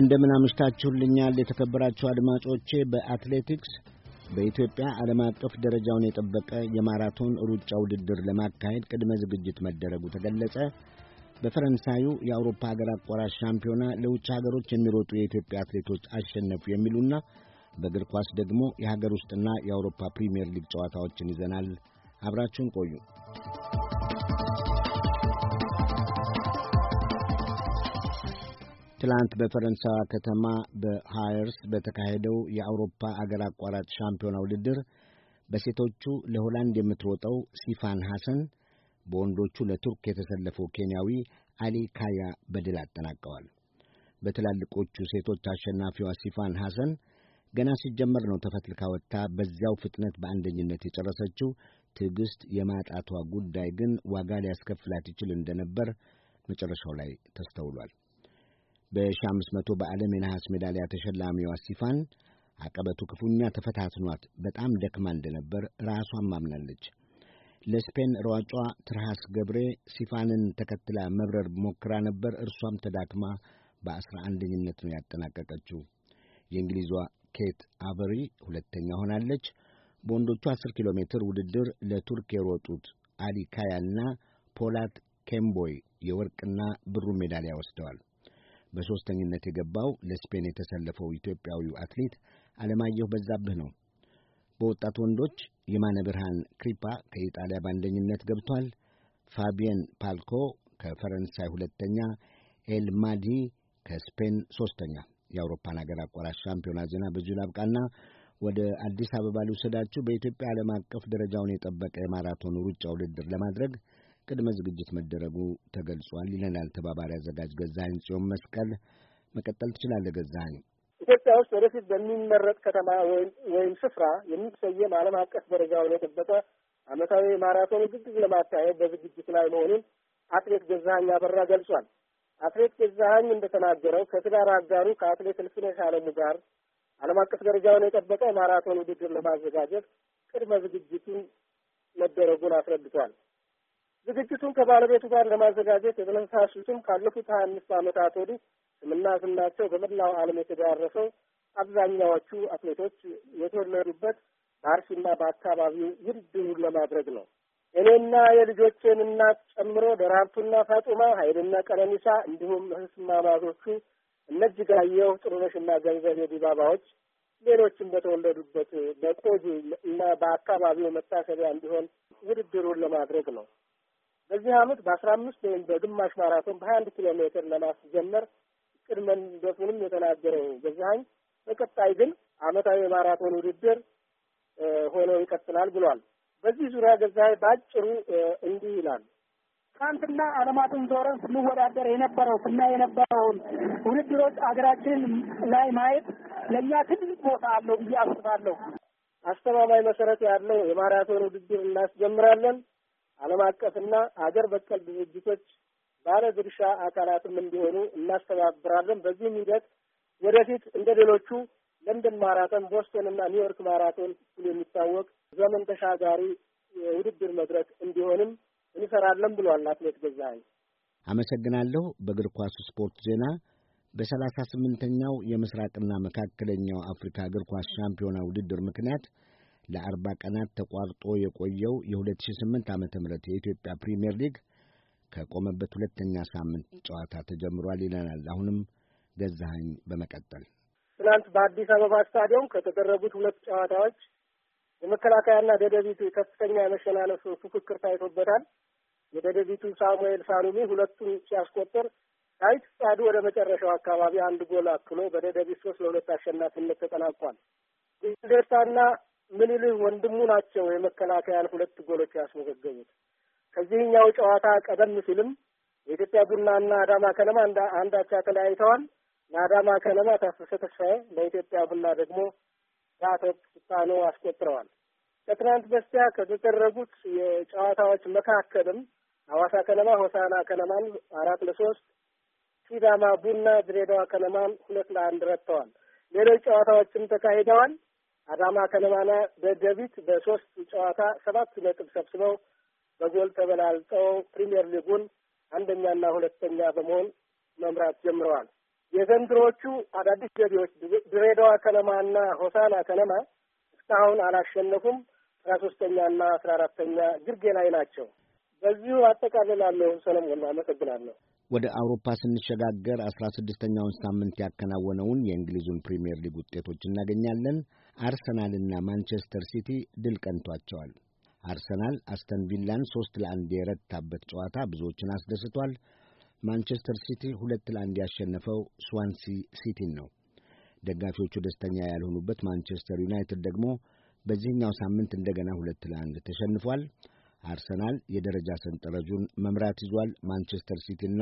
እንደምን አምሽታችሁልኛል የተከበራችሁ አድማጮቼ። በአትሌቲክስ በኢትዮጵያ ዓለም አቀፍ ደረጃውን የጠበቀ የማራቶን ሩጫ ውድድር ለማካሄድ ቅድመ ዝግጅት መደረጉ ተገለጸ። በፈረንሳዩ የአውሮፓ ሀገር አቋራጭ ሻምፒዮና ለውጭ ሀገሮች የሚሮጡ የኢትዮጵያ አትሌቶች አሸነፉ የሚሉና በእግር ኳስ ደግሞ የሀገር ውስጥና የአውሮፓ ፕሪምየር ሊግ ጨዋታዎችን ይዘናል። አብራችሁን ቆዩ። ትላንት በፈረንሳዋ ከተማ በሃየርስ በተካሄደው የአውሮፓ አገር አቋራጭ ሻምፒዮና ውድድር በሴቶቹ ለሆላንድ የምትሮጠው ሲፋን ሐሰን በወንዶቹ ለቱርክ የተሰለፈው ኬንያዊ አሊ ካያ በድል አጠናቀዋል። በትላልቆቹ ሴቶች አሸናፊዋ ሲፋን ሐሰን ገና ሲጀመር ነው ተፈትልካ ወጥታ በዚያው ፍጥነት በአንደኝነት የጨረሰችው። ትዕግሥት የማጣቷ ጉዳይ ግን ዋጋ ሊያስከፍላት ይችል እንደነበር መጨረሻው ላይ ተስተውሏል። በ1500 በዓለም የነሐስ ሜዳሊያ ተሸላሚዋ ሲፋን አቀበቱ ክፉኛ ተፈታትኗት በጣም ደክማ እንደነበር ራሷም አምናለች። ለስፔን ሯጯ ትርሃስ ገብሬ ሲፋንን ተከትላ መብረር ሞክራ ነበር። እርሷም ተዳክማ በአስራ አንደኝነት ነው ያጠናቀቀችው። የእንግሊዟ ኬት አቨሪ ሁለተኛ ሆናለች። በወንዶቹ 10 ኪሎ ሜትር ውድድር ለቱርክ የሮጡት አሊ ካያና ፖላት ኬምቦይ የወርቅና ብሩ ሜዳሊያ ወስደዋል። በሦስተኝነት የገባው ለስፔን የተሰለፈው ኢትዮጵያዊው አትሌት አለማየሁ በዛብህ ነው። በወጣት ወንዶች የማነ ብርሃን ክሪፓ ከኢጣሊያ በአንደኝነት ገብቷል። ፋቢየን ፓልኮ ከፈረንሳይ ሁለተኛ፣ ኤልማዲ ከስፔን ሦስተኛ። የአውሮፓን አገር አቋራጭ ሻምፒዮና ዜና በዚሁ ላብቃና ወደ አዲስ አበባ ልውሰዳችሁ በኢትዮጵያ ዓለም አቀፍ ደረጃውን የጠበቀ የማራቶን ሩጫ ውድድር ለማድረግ ቅድመ ዝግጅት መደረጉ ተገልጿል ይለናል ተባባሪ አዘጋጅ ገዛኸኝ ጽዮን መስቀል። መቀጠል ትችላለህ ገዛኸኝ። ኢትዮጵያ ውስጥ ወደፊት በሚመረጥ ከተማ ወይም ስፍራ የሚሰየም ዓለም አቀፍ ደረጃውን የጠበቀ ዓመታዊ ማራቶን ውድድር ለማካሄድ በዝግጅት ላይ መሆኑን አትሌት ገዛኸኝ አበራ ገልጿል። አትሌት ገዛኸኝ እንደተናገረው ከትዳር አጋሩ ከአትሌት እልፍነሽ አለሙ ጋር ዓለም አቀፍ ደረጃውን የጠበቀ ማራቶን ውድድር ለማዘጋጀት ቅድመ ዝግጅቱን መደረጉን አስረድቷል። ዝግጅቱን ከባለቤቱ ጋር ለማዘጋጀት የተነሳሱትም ካለፉት ሀያ አምስት ዓመታት ወዲህ ስምና ዝናቸው በመላው ዓለም የተዳረሰው አብዛኛዎቹ አትሌቶች የተወለዱበት በአርሲና በአካባቢው ውድድሩን ለማድረግ ነው። እኔና የልጆቼን እናት ጨምሮ ደራርቱና ፋጡማ፣ ሀይልና ቀነኒሳ እንዲሁም እህትማማቾቹ እነጅጋየሁ ጥሩነሽና ገንዘብ የዲባባዎች ሌሎችም በተወለዱበት በቆጂ እና በአካባቢው መታሰቢያ እንዲሆን ውድድሩን ለማድረግ ነው። በዚህ አመት በአስራ አምስት ወይም በግማሽ ማራቶን በሀያ አንድ ኪሎ ሜትር ለማስጀመር እቅድ መንደፉንም የተናገረው ገዛኸኝ በቀጣይ ግን አመታዊ የማራቶን ውድድር ሆኖ ይቀጥላል ብሏል። በዚህ ዙሪያ ገዛኸኝ በአጭሩ እንዲህ ይላል። ትናንትና አለማትን ዞረን ስንወዳደር የነበረው ስና የነበረውን ውድድሮች አገራችን ላይ ማየት ለእኛ ትልቅ ቦታ አለው ብዬ አስባለሁ። አስተማማኝ መሰረት ያለው የማራቶን ውድድር እናስጀምራለን። ዓለም አቀፍና አገር በቀል ድርጅቶች ባለ ድርሻ አካላትም እንዲሆኑ እናስተባብራለን። በዚህም ሂደት ወደፊት እንደ ሌሎቹ ለንደን ማራቶን፣ ቦስቶን እና ኒውዮርክ ማራቶን ሲል የሚታወቅ ዘመን ተሻጋሪ የውድድር መድረክ እንዲሆንም እንሰራለን ብሏል አትሌት ገዛኸኝ። አመሰግናለሁ። በእግር ኳሱ ስፖርት ዜና በሰላሳ ስምንተኛው የምስራቅና መካከለኛው አፍሪካ እግር ኳስ ሻምፒዮና ውድድር ምክንያት ለአርባ ቀናት ተቋርጦ የቆየው የ2008 ዓ.ም የኢትዮጵያ ፕሪምየር ሊግ ከቆመበት ሁለተኛ ሳምንት ጨዋታ ተጀምሯል ይለናል። አሁንም ገዛኸኝ በመቀጠል ትናንት በአዲስ አበባ ስታዲየም ከተደረጉት ሁለት ጨዋታዎች የመከላከያና ደደቢቱ ከፍተኛ የመሸናነፍ ፉክክር ታይቶበታል። የደደቢቱ ሳሙኤል ሳሉሚ ሁለቱን ሲያስቆጥር ዳዊት ጻዱ ወደ መጨረሻው አካባቢ አንድ ጎል አክሎ በደደቢት ሶስት ለሁለት አሸናፊነት ተጠናቋል። ደርታና ምንልህ ወንድሙ ናቸው የመከላከያን ሁለት ጎሎች ያስመዘገቡት። ከዚህኛው ጨዋታ ቀደም ሲልም የኢትዮጵያ ቡናና አዳማ ከነማ አንዳቻ ተለያይተዋል። ለአዳማ ከነማ ታፈሰ ተስፋዬ፣ ለኢትዮጵያ ቡና ደግሞ የአቶፕ ስልጣኑ አስቆጥረዋል። ከትናንት በስቲያ ከተደረጉት የጨዋታዎች መካከልም ሐዋሳ ከነማ ሆሳና ከነማን አራት ለሶስት፣ ሲዳማ ቡና ድሬዳዋ ከነማን ሁለት ለአንድ ረትተዋል። ሌሎች ጨዋታዎችም ተካሂደዋል። አዳማ ከነማና ደደቢት በሶስት ጨዋታ ሰባት ነጥብ ሰብስበው በጎል ተበላልጠው ፕሪምየር ሊጉን አንደኛና ሁለተኛ በመሆን መምራት ጀምረዋል። የዘንድሮቹ አዳዲስ ገቢዎች ድሬዳዋ ከነማና ሆሳና ከነማ እስካሁን አላሸነፉም። አስራ ሶስተኛና አስራ አራተኛ ግርጌ ላይ ናቸው። በዚሁ አጠቃልላለሁ። ሰለሞን አመሰግናለሁ። ወደ አውሮፓ ስንሸጋገር አስራ ስድስተኛውን ሳምንት ያከናወነውን የእንግሊዙን ፕሪምየር ሊግ ውጤቶች እናገኛለን። አርሰናልና ማንቸስተር ሲቲ ድል ቀንቷቸዋል። አርሰናል አስተን ቪላን ሦስት ለአንድ የረታበት ጨዋታ ብዙዎችን አስደስቷል። ማንቸስተር ሲቲ ሁለት ለአንድ ያሸነፈው ስዋንሲ ሲቲን ነው። ደጋፊዎቹ ደስተኛ ያልሆኑበት ማንቸስተር ዩናይትድ ደግሞ በዚህኛው ሳምንት እንደገና ሁለት ለአንድ ተሸንፏል። አርሰናል የደረጃ ሰንጠረዡን መምራት ይዟል። ማንቸስተር ሲቲና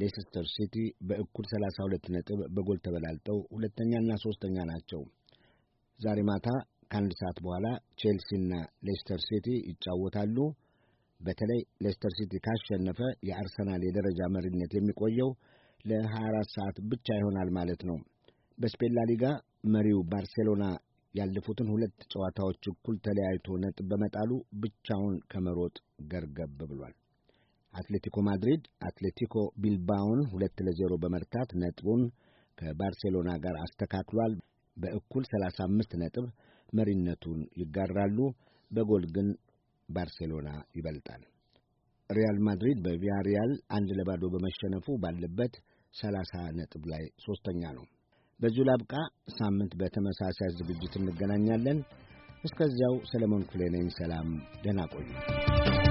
ሌስተር ሲቲ በእኩል 32 ነጥብ በጎል ተበላልጠው ሁለተኛና ሦስተኛ ናቸው። ዛሬ ማታ ከአንድ ሰዓት በኋላ ቼልሲና ሌስተር ሲቲ ይጫወታሉ። በተለይ ሌስተር ሲቲ ካሸነፈ የአርሰናል የደረጃ መሪነት የሚቆየው ለ24 ሰዓት ብቻ ይሆናል ማለት ነው። በስፔን ሊጋ መሪው ባርሴሎና ያለፉትን ሁለት ጨዋታዎች እኩል ተለያይቶ ነጥብ በመጣሉ ብቻውን ከመሮጥ ገርገብ ብሏል። አትሌቲኮ ማድሪድ አትሌቲኮ ቢልባውን ሁለት ለዜሮ በመርታት ነጥቡን ከባርሴሎና ጋር አስተካክሏል። በእኩል 35 ነጥብ መሪነቱን ይጋራሉ። በጎል ግን ባርሴሎና ይበልጣል። ሪያል ማድሪድ በቪያሪያል አንድ ለባዶ በመሸነፉ ባለበት 30 ነጥብ ላይ ሦስተኛ ነው። በዚሁ ላብቃ። ሳምንት በተመሳሳይ ዝግጅት እንገናኛለን። እስከዚያው ሰለሞን ክፍሌ ነኝ። ሰላም፣ ደህና ቆዩ።